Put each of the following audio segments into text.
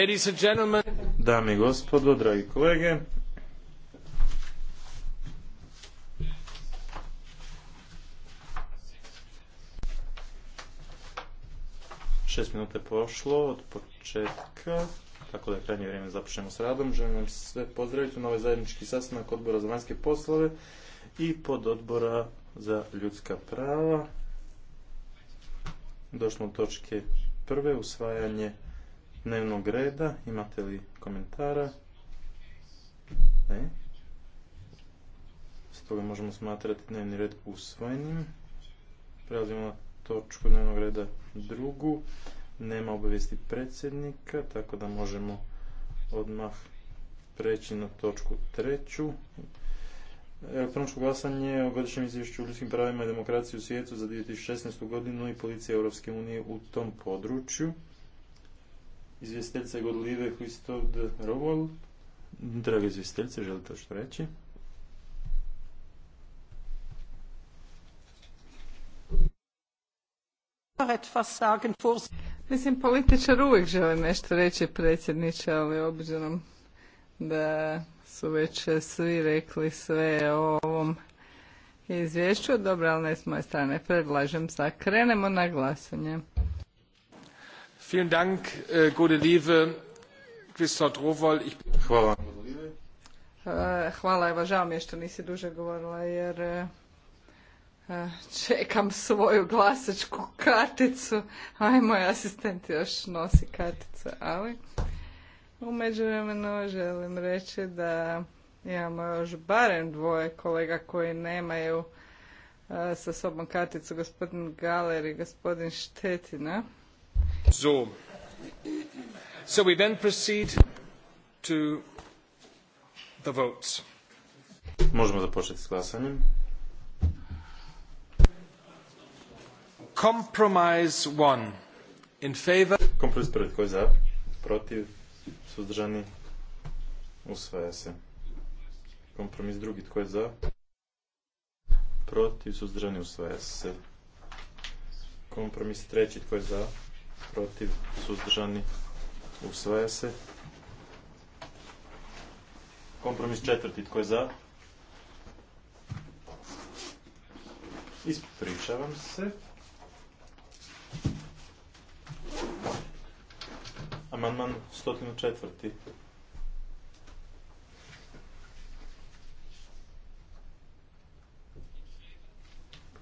Ladies Dame i gospodo, dragi kolege. Šest minuta je pošlo od početka, tako da je krajnje vrijeme započnemo s radom. Želim vam sve pozdraviti u ovaj zajednički sastanak odbora za vanjske poslove i pod odbora za ljudska prava. Došlo do točke prve, usvajanje dnevnog reda. Imate li komentara? Ne. Stoga možemo smatrati dnevni red usvojenim. Prelazimo na točku dnevnog reda drugu. Nema obavijesti predsjednika, tako da možemo odmah preći na točku treću. Elektroničko glasanje o godišnjem izvješću o ljudskim pravima i demokraciji u svijetu za 2016. godinu i policije Europske unije u tom području izvjestiteljica Godlive Hvistod Rovol. Draga izvjestiteljica, želite što reći? Mislim, političar uvijek žele nešto reći predsjedniče, ali obzirom da su već svi rekli sve o ovom izvješću. Dobro, ali ne s moje strane predlažem da krenemo na glasanje. Äh, Hvala. Hvala, evo žao mi je što nisi duže govorila jer e, e, čekam svoju glasačku karticu, a moj asistent još nosi karticu, ali u međuvremenu želim reći da imamo još barem dvoje kolega koji nemaju e, sa sobom karticu, gospodin Galer i gospodin Štetina. So, we then proceed to the votes. Možemo započeti s glasanjem. Compromise one In favor... Kompromis prvi, tko je za? Protiv? Suzdržani? Usvaja se. Kompromis drugi, tko je za? Protiv? Suzdržani? Usvaja se. Kompromis treći, tko je za? protiv, suzdržani, usvaja se. Kompromis četvrti, tko je za? Ispričavam se. Amandman 104.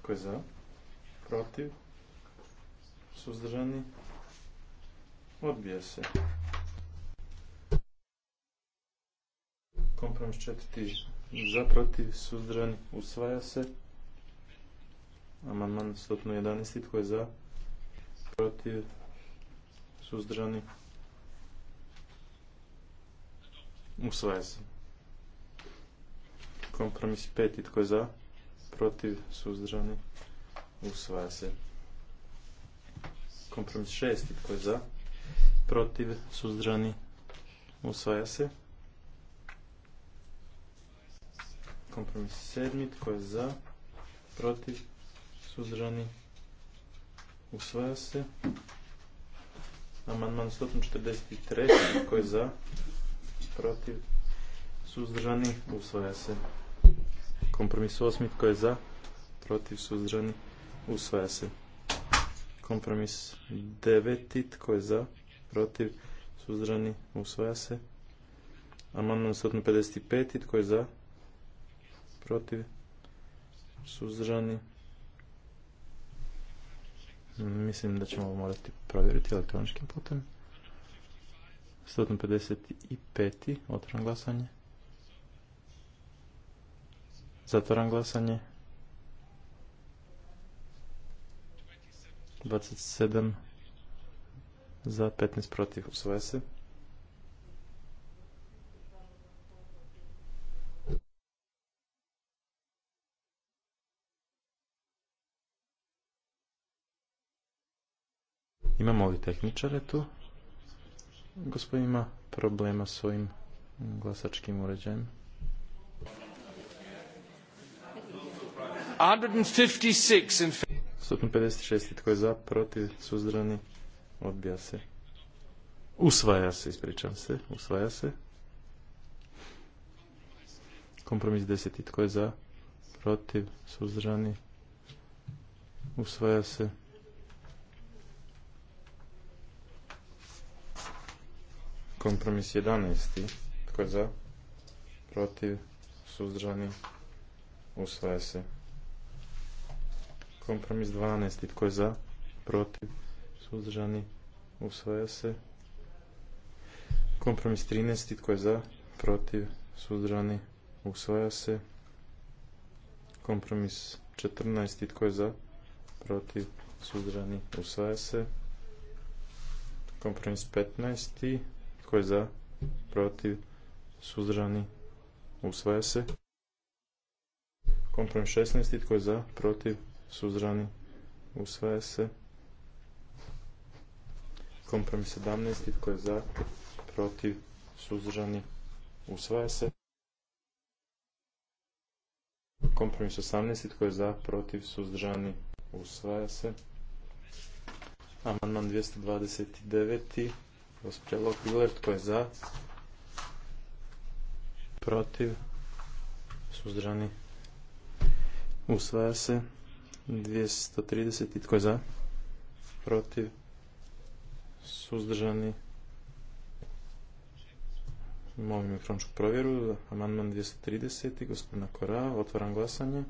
Tko je za? Protiv? suzdržani, odbija se. Kompromis četiri za protiv, suzdržani, usvaja se. Amandman 111. Tko je za? Protiv? Suzdržani? Usvaja se. Kompromis peti, Tko je za? Protiv? Suzdržani? Usvaja se. Kompromis 6. koji je za? Protiv? Suzdržani? Usvaja se. Kompromis sedmi Tko je za? Protiv? Suzdržani? Usvaja se. Amandman 143. koji je za? Protiv? Suzdržani? Usvaja se. Kompromis osmi Tko je za? Protiv? Suzdržani? Usvaja se. Kompromis deveti, tko je za, protiv, suzdrani, usvaja se. Amandman 155, tko je za, protiv, suzdrani. Mislim da ćemo morati provjeriti elektroničkim putem. 155. otvoran glasanje. zatvoran glasanje. 27 za 15 protiv usvaja se. Imamo li tehničare tu? Gospodin ima problema s ovim glasačkim uređajem. 156 in 156. Tko je za, protiv, suzdržani, odbija se. Usvaja se, ispričam se, usvaja se. Kompromis 10. Tko je za, protiv, suzdržani, usvaja se. Kompromis 11. Tko je za, protiv, suzdržani, usvaja se. Kompromis 12. Tko je za? Protiv? Suzdržani? Usvaja se. Kompromis 13. Tko je za? Protiv? Suzdržani? Usvaja se. Kompromis 14. Tko je za? Protiv? Suzdržani? Usvaja se. Kompromis 15. Tko je za? Protiv? Suzdržani? Usvaja se. Kompromis 16. Tko je za? Protiv? suzdržani, usvaja se. Kompromis 17. Tko je za, protiv, suzdržani, usvaja se. Kompromis 18. Tko je za, protiv, suzdržani, usvaja se. Amandman 229. Gospodin Lokviler, tko je za? Protiv? Suzdržani? Usvaja se. 230. Tko je za? Protiv? Suzdržani? Molim elektroničku provjeru. Amandman 230. Gospodina Kora. Otvaram glasanje.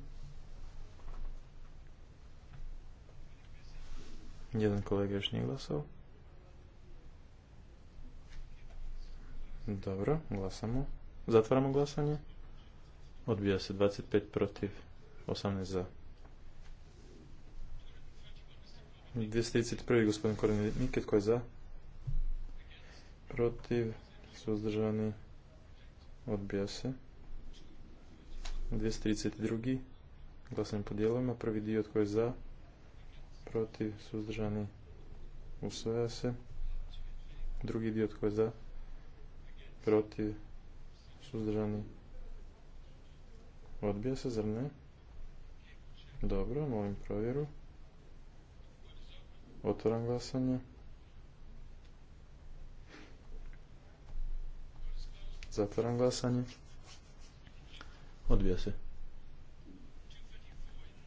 Jedan kolega još nije glasao. Dobro, glasamo. Zatvaramo glasanje. Odbija se 25 protiv, 18 za. 231. gospodin Korin Mike, tko je za? Protiv, suzdržani, odbija se. 232. Glasanje po dijelovima. Prvi dio tko je za? Protiv, suzdržani, usvaja se. Drugi dio tko je za? Protiv, suzdržani, odbija se, zar ne? Dobro, molim provjeru. Otvoram glasanje. Zatvaram glasanje. Odbija se.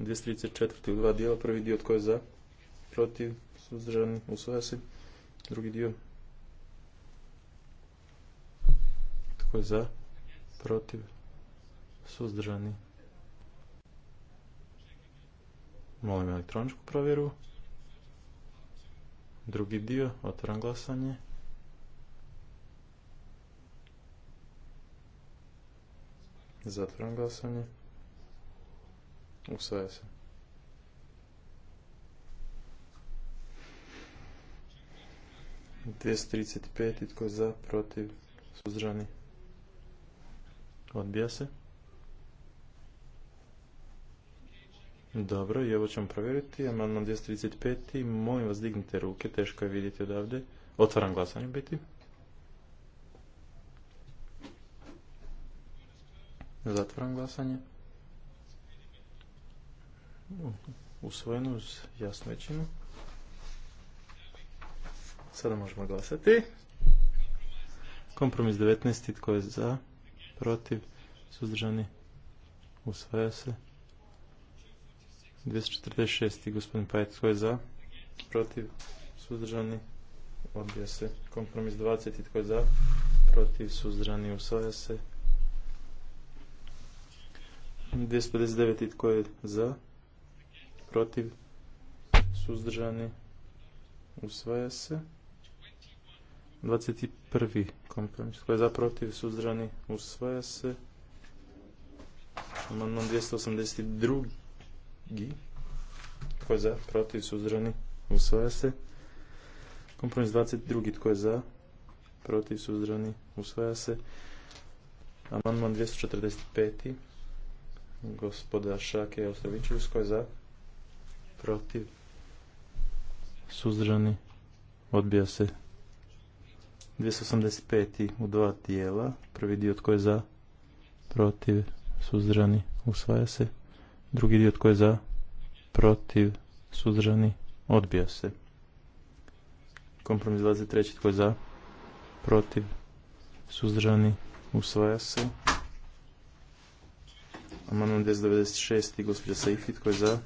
234. u dva dijela. Prvi dio tko je za? Protiv? Suzdržani? Usvaja se. Drugi dio. Tko je za? Protiv? Suzdržani? Molim elektroničku provjeru. Drugi dio, otvoram glasanje. Zatvoram glasanje. Usvaja se. pet itko tko za, protiv, suzrani Odbija se. Dobro, i ovo ćemo provjeriti. Amandman 235. Molim vas dignite ruke, teško je vidjeti odavde. Otvaram glasanje biti. Zatvaram glasanje. Usvojeno uz jasnu većinu. Sada možemo glasati. Kompromis 19. Tko je za? Protiv? Suzdržani? Usvaja se. 246. gospodin Pajet, tko je za? Protiv? Suzdržani? Odbija se. Kompromis 20. Tko je za? Protiv? Suzdržani? Usvaja se. 259. Tko je za? Protiv? Suzdržani? Usvaja se. 21. kompromis. Tko je za? Protiv? Suzdržani? Usvaja se. Amandman 282 tko je za? Protiv? Suzdržani? Usvaja se. Kompromis 22. Tko je za? Protiv? Suzdržani? Usvaja se. Amandman 245. Gospoda Šake Ostrovićius. Tko je za? Protiv? Suzdržani? Odbija se. 285. u dva tijela. Prvi dio tko je za? Protiv? Suzdržani? Usvaja se. Drugi dio tko je za, protiv, suzdržani, odbija se. Kompromis 23. tko je za, protiv, suzdržani, usvaja se. Amandman 1096. gospođa Saifi tko je za,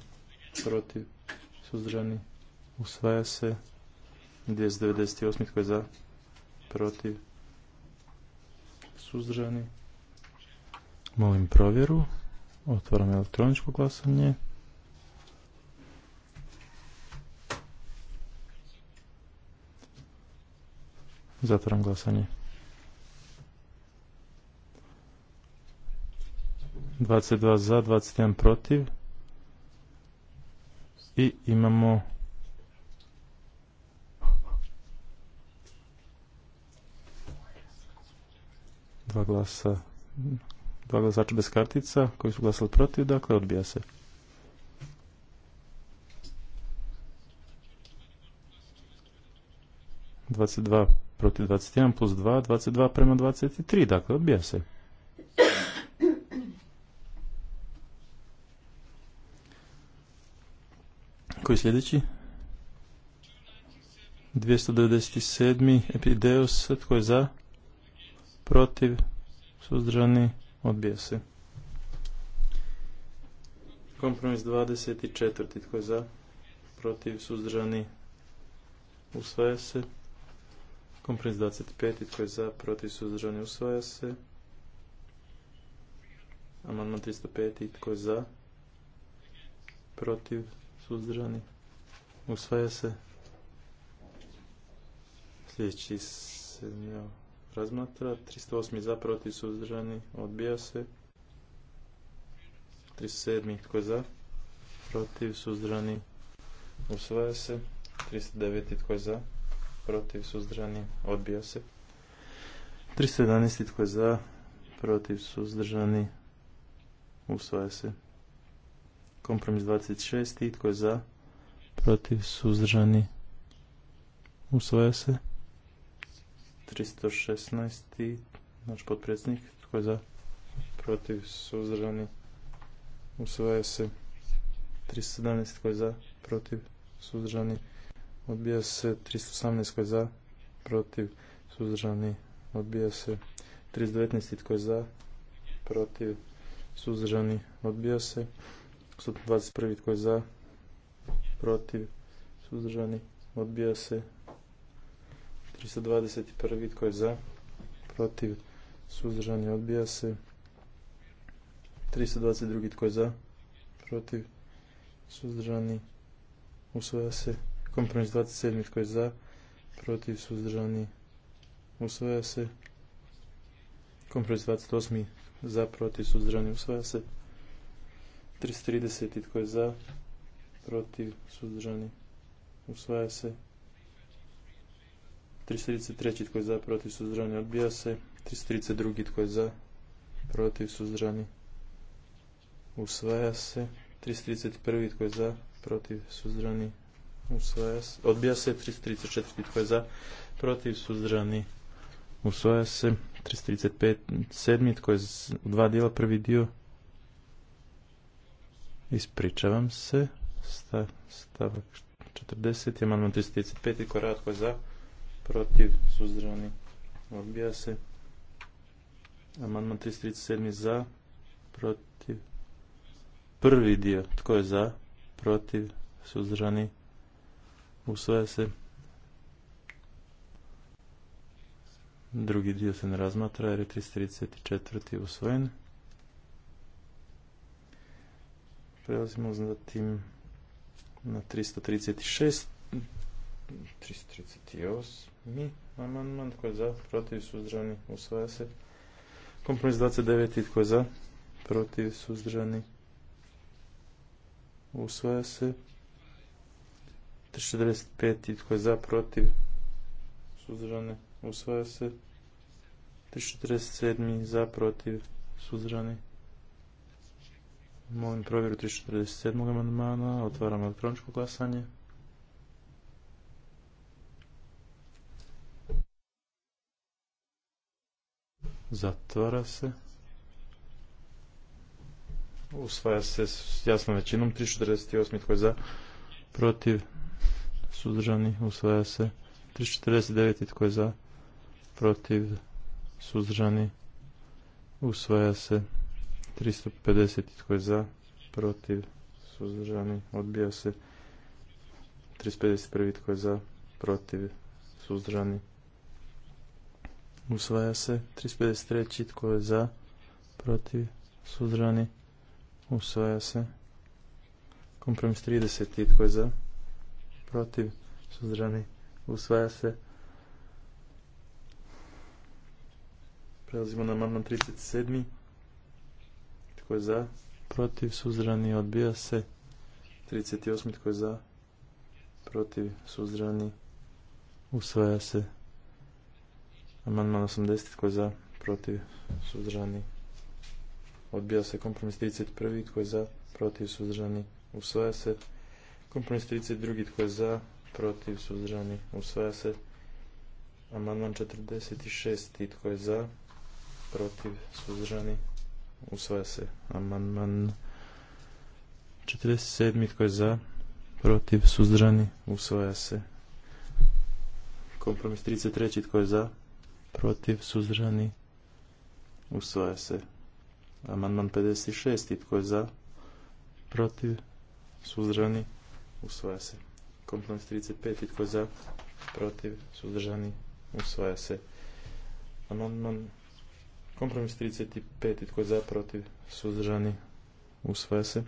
protiv, suzdržani, usvaja se. 1098. tko je za, protiv, suzdržani. Molim provjeru. Otvaram elektroničko glasanje. Zatvaram glasanje. 22 za, 21 protiv. I imamo dva glasa dva glasača bez kartica koji su glasali protiv, dakle odbija se. Dvadeset dva protiv jedan plus 2, dva prema tri dakle odbija se. Koji sljedeći? 297. Epideus, tko je za? Protiv? Suzdržani? Odbija se. Kompromis 24. Tko je za? Protiv? Suzdržani? Usvaja se. Kompromis 25. Tko je za? Protiv? Suzdržani? Usvaja se. Amandman 305. Tko je za? Protiv? Suzdržani? Usvaja se. Sljedeći se razmatra. 308. za, protiv, suzdržani, odbija se. 307. tko je za, protiv, suzdržani, usvaja se. 309. tko je za, protiv, suzdržani, odbija se. 311. tko je za, protiv, suzdržani, usvaja se. Kompromis 26. tko je za, protiv, suzdržani, usvaja se. 316. naš potpredsjednik. Tko je za? Protiv? Suzdržani? Usvaja se. 317. Tko je za? Protiv? Suzdržani? Odbija se. 318. Tko je za? Protiv? Suzdržani? Odbija se. 319. Tko je za? Protiv? Suzdržani? Odbija se. 121. Tko je za? Protiv? Suzdržani? Odbija se. 321. Tko je za? Protiv? Suzdržani odbija se. 322. Tko je za? Protiv? Suzdržani usvoja se. Kompromis 27. Tko je za? Protiv? Suzdržani usvoja se. Kompromis 28. Za? Protiv? Suzdržani usvaja se. 330. Tko je za? Protiv? Suzdržani usvaja se. 333. tko je za, protiv, suzdržani, odbija se. 332. tko je za, protiv, suzdržani, usvaja se. 331. tko je za, protiv, suzdržani, usvaja se. Odbija se. 334. tko je za, protiv, suzdržani, usvaja se. 335. sedmi tko je u dva dijela, prvi dio, ispričavam se, Stav, stavak 40. amandman 335. tko je rad, tko je za, protiv, suzdržani, odbija se. Amandman 337 za, protiv, prvi dio, tko je za, protiv, suzdržani, usvaja se. Drugi dio se ne razmatra jer je 334. usvojen. Prelazimo zatim na 336. 338 mi amandman tko je za, protiv, suzdržani, usvaja se. Kompromis 29. tko je za, protiv, suzdržani, usvaja se. 345. tko je za, protiv, suzdržani, usvaja se. 347. za, protiv, suzdržani. Molim provjeru 347. amandmana. otvaramo elektroničko glasanje. Zatvara se. Usvaja se s jasnom većinom. 348. Tko je za? Protiv? Suzdržani? Usvaja se. 349. Tko je za? Protiv? Suzdržani? Usvaja se. 350. Tko je za? Protiv? Suzdržani? Odbija se. 351. Tko je za? Protiv? Suzdržani? Usvaja se. 353. Tko je za? Protiv? suzrani. Usvaja se. Kompromis 30. Tko je za? Protiv? suzrani. Usvaja se. Prelazimo na amandman 37. Tko je za? Protiv? suzrani. Odbija se. 38. Tko je za? Protiv? Suzdržani? Usvaja se. Amandman 80. Tko je za? Protiv? Suzdržani? Odbija se kompromis 31. Tko je za? Protiv? Suzdržani? Usvaja se. Kompromis 32. Tko je za? Protiv? Suzdržani? Usvaja se. Amandman 46. Tko je za? Protiv? Suzdržani? Usvaja se. Amandman 47. Tko je za? Protiv? Suzdržani? Usvaja se. Kompromis 33. Tko je za? protiv, suzdržani, usvaja se. Amandman 56. Tko je za? Protiv? Suzdržani? Usvaja se. Kompromis 35. Tko je za? Protiv? Suzdržani? Usvaja se. Amandman Kompromis 35. Tko je za? Protiv? Suzdržani? Usvaja se.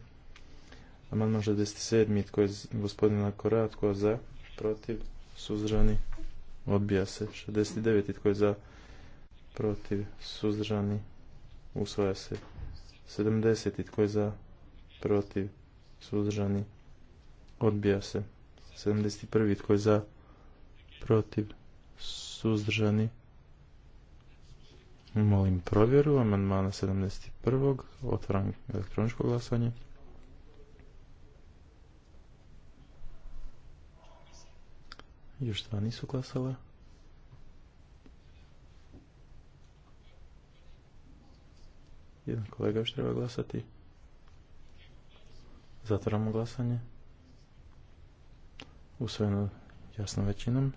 Amandman 67. Tko je gospodina Korat? Tko za? Protiv? Suzdržani? odbija se 69 tko je za protiv suzdržani usvaja se 70 tko je za protiv suzdržani odbija se 71 tko je za protiv suzdržani molim provjeru amandmana 71. otvaram elektroničko glasanje Još dva nisu glasala. Jedan kolega još treba glasati. Zatvaramo glasanje. Usvojeno jasno većinom.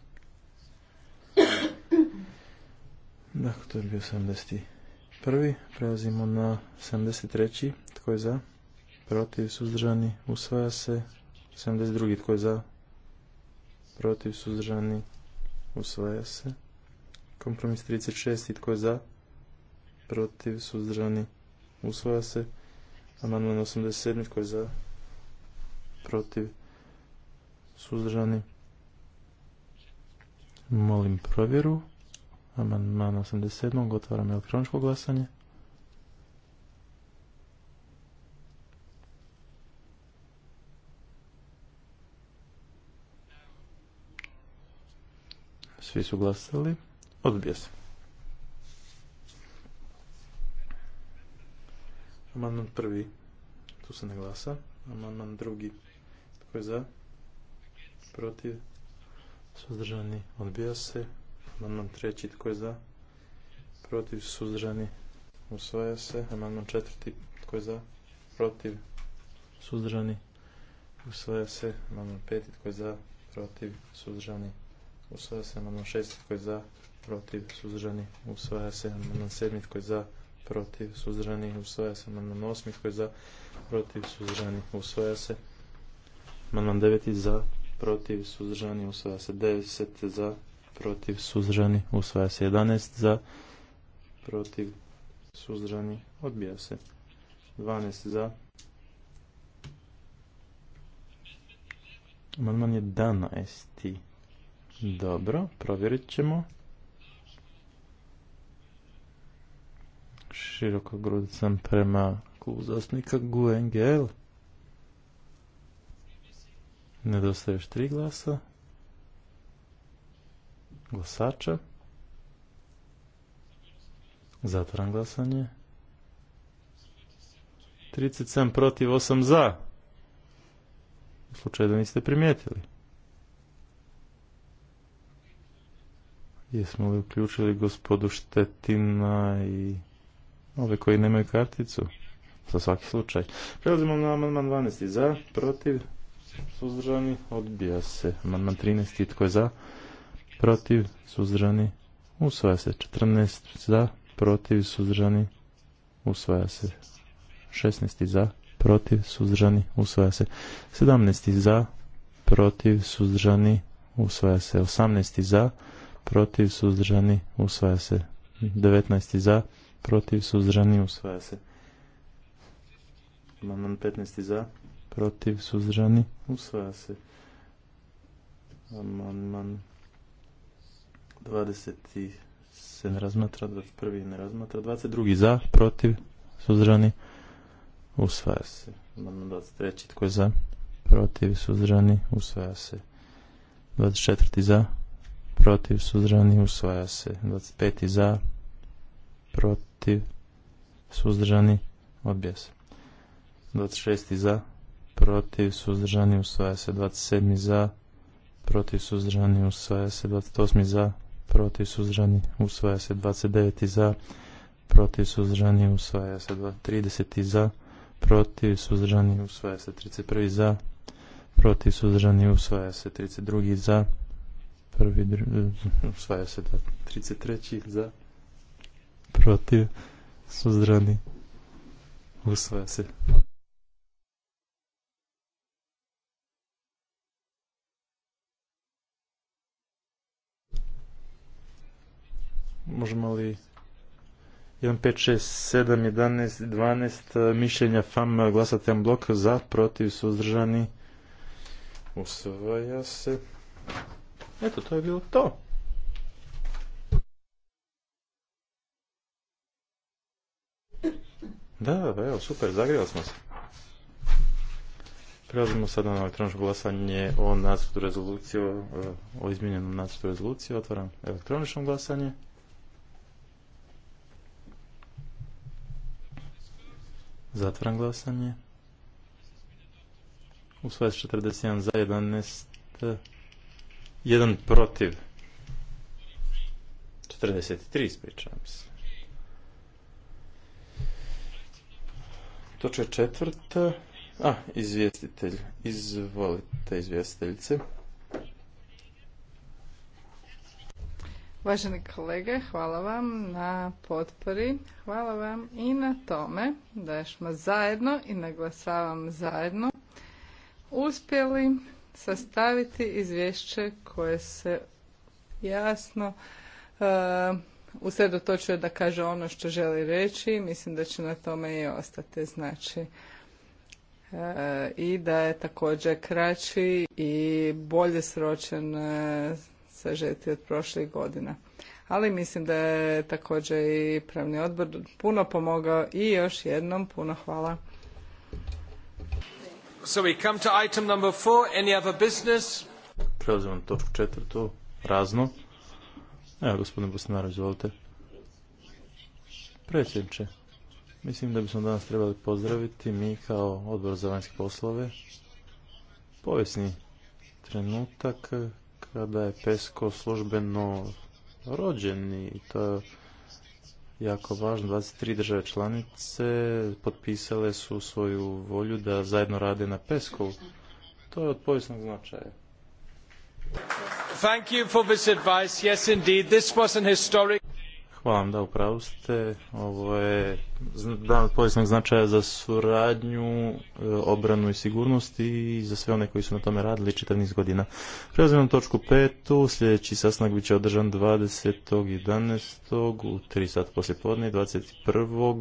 Dakle, to je bio 71. Prelazimo na 73. Tko je za? Protiv, suzdržani, usvaja se. 72. Tko je za? protiv, suzdržani, usvaja se. Kompromis 36 i tko je za, protiv, suzdržani, usvaja se. Amandman 87 tko je za, protiv, suzdržani. Molim provjeru. Amandman 87. Otvaram elektroničko glasanje. Svi su glasali. Odbija se. Amandman prvi. Tu se ne glasa. Amandman drugi. Tko je za? Protiv? Suzdržani? Odbija se. Amandman treći. Tko je za? Protiv? Suzdržani? Usvaja se. Amandman četvrti. Tko je za? Protiv? Suzdržani? Usvaja se. Amandman peti. Tko je za? Protiv? Suzdržani? usvaja se nam 6 tko za protiv suzdržani usvaja se amandman 7 koji za protiv suzdržani usvaja se amandman 8 tko za protiv suzdržani usvaja se na 9 za protiv suzdržani usvaja se deset za protiv suzdržani usvaja se 11 za protiv suzdržani odbija se 12 za amandman 11 dobro, provjerit ćemo. Široko grudi sam prema klubu zastupnika Nedostaje još tri glasa. Glasača. Zatvaram glasanje. 37 protiv, 8 za. U slučaju da niste primijetili. Jesmo li uključili gospodu Štetina i ove koji nemaju karticu? Za svaki slučaj. Prelazimo na amandman 12. Za, protiv, suzdržani, odbija se. Amandman 13. Tko je za? Protiv, suzdržani, usvaja se. 14. Za, protiv, suzdržani, usvaja se. 16. Za, protiv, suzdržani, usvaja se. 17. Za, protiv, suzdržani, usvaja se. 18. Za, protiv, protiv, suzdržani, usvaja se. 19. za, protiv, suzdržani, usvaja se. Amandman 15. za, protiv, suzdržani, usvaja se. Amandman 20. se ne razmatra, 21. ne razmatra, 22. za, protiv, suzdržani, usvaja se. Amandman 23. tko je za, protiv, suzdržani, usvaja se. 24. za, protiv, suzdržani, usvaja se. 25. za, protiv, suzdržani, odbija 26. za, protiv, suzdržani, usvaja se. 27. za, protiv, suzdržani, usvaja se. 28. za, protiv, suzdržani, usvaja se. 29. za, protiv, suzdržani, usvaja se. 30. za, protiv, suzdržani, usvaja se. 31. za, protiv, suzdržani, usvaja se. 32. za, prvi, usvaja se da 33. za, protiv, suzdrani, usvaja se. Možemo li 1, 5, 6, 7, 11, 12 mišljenja FAM glasati jedan blok za, protiv, suzdržani, usvaja se. Eto, to je bilo to. Da, evo, super, zagrijali smo se. Prelazimo sada na elektroničko glasanje o nacrtu rezolucije, o izmijenjenom nacrtu rezolucije. Otvaram elektronično glasanje. Zatvaram glasanje. U sve 41 za 11 jedan protiv. 43, ispričavam se. Točka četvrta. A, izvjestitelj. Izvolite, izvjestiteljice. Uvaženi kolege, hvala vam na potpori, hvala vam i na tome da smo zajedno i naglasavam zajedno uspjeli sastaviti izvješće koje se jasno e, usredotočuje da kaže ono što želi reći i mislim da će na tome i ostati. Znači, e, i da je također kraći i bolje sročen sa e, sažeti od prošlih godina. Ali mislim da je također i pravni odbor puno pomogao i još jednom puno hvala. So we come to item number four, any other business? Prelazimo na točku četvrtu, razno. Evo, gospodine izvolite. Predsjedniče, mislim da bismo danas trebali pozdraviti mi kao odbor za vanjske poslove. Povijesni trenutak kada je Pesko službeno rođen i to je jako važno. 23 države članice potpisale su svoju volju da zajedno rade na pesku. To je od povijesnog značaja. Thank you for this advice. Yes, indeed. This was an historic... Hvala vam da upravo ste. Ovo je dan od povijesnog značaja za suradnju, e, obranu i sigurnosti i za sve one koji su na tome radili čitav niz godina. Prelazimo na točku petu. Sljedeći sastanak bit će održan 20.11. u 3 sata poslje podne i 21.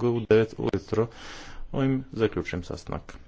u 9 ujutro. Ovim zaključujem sastanak.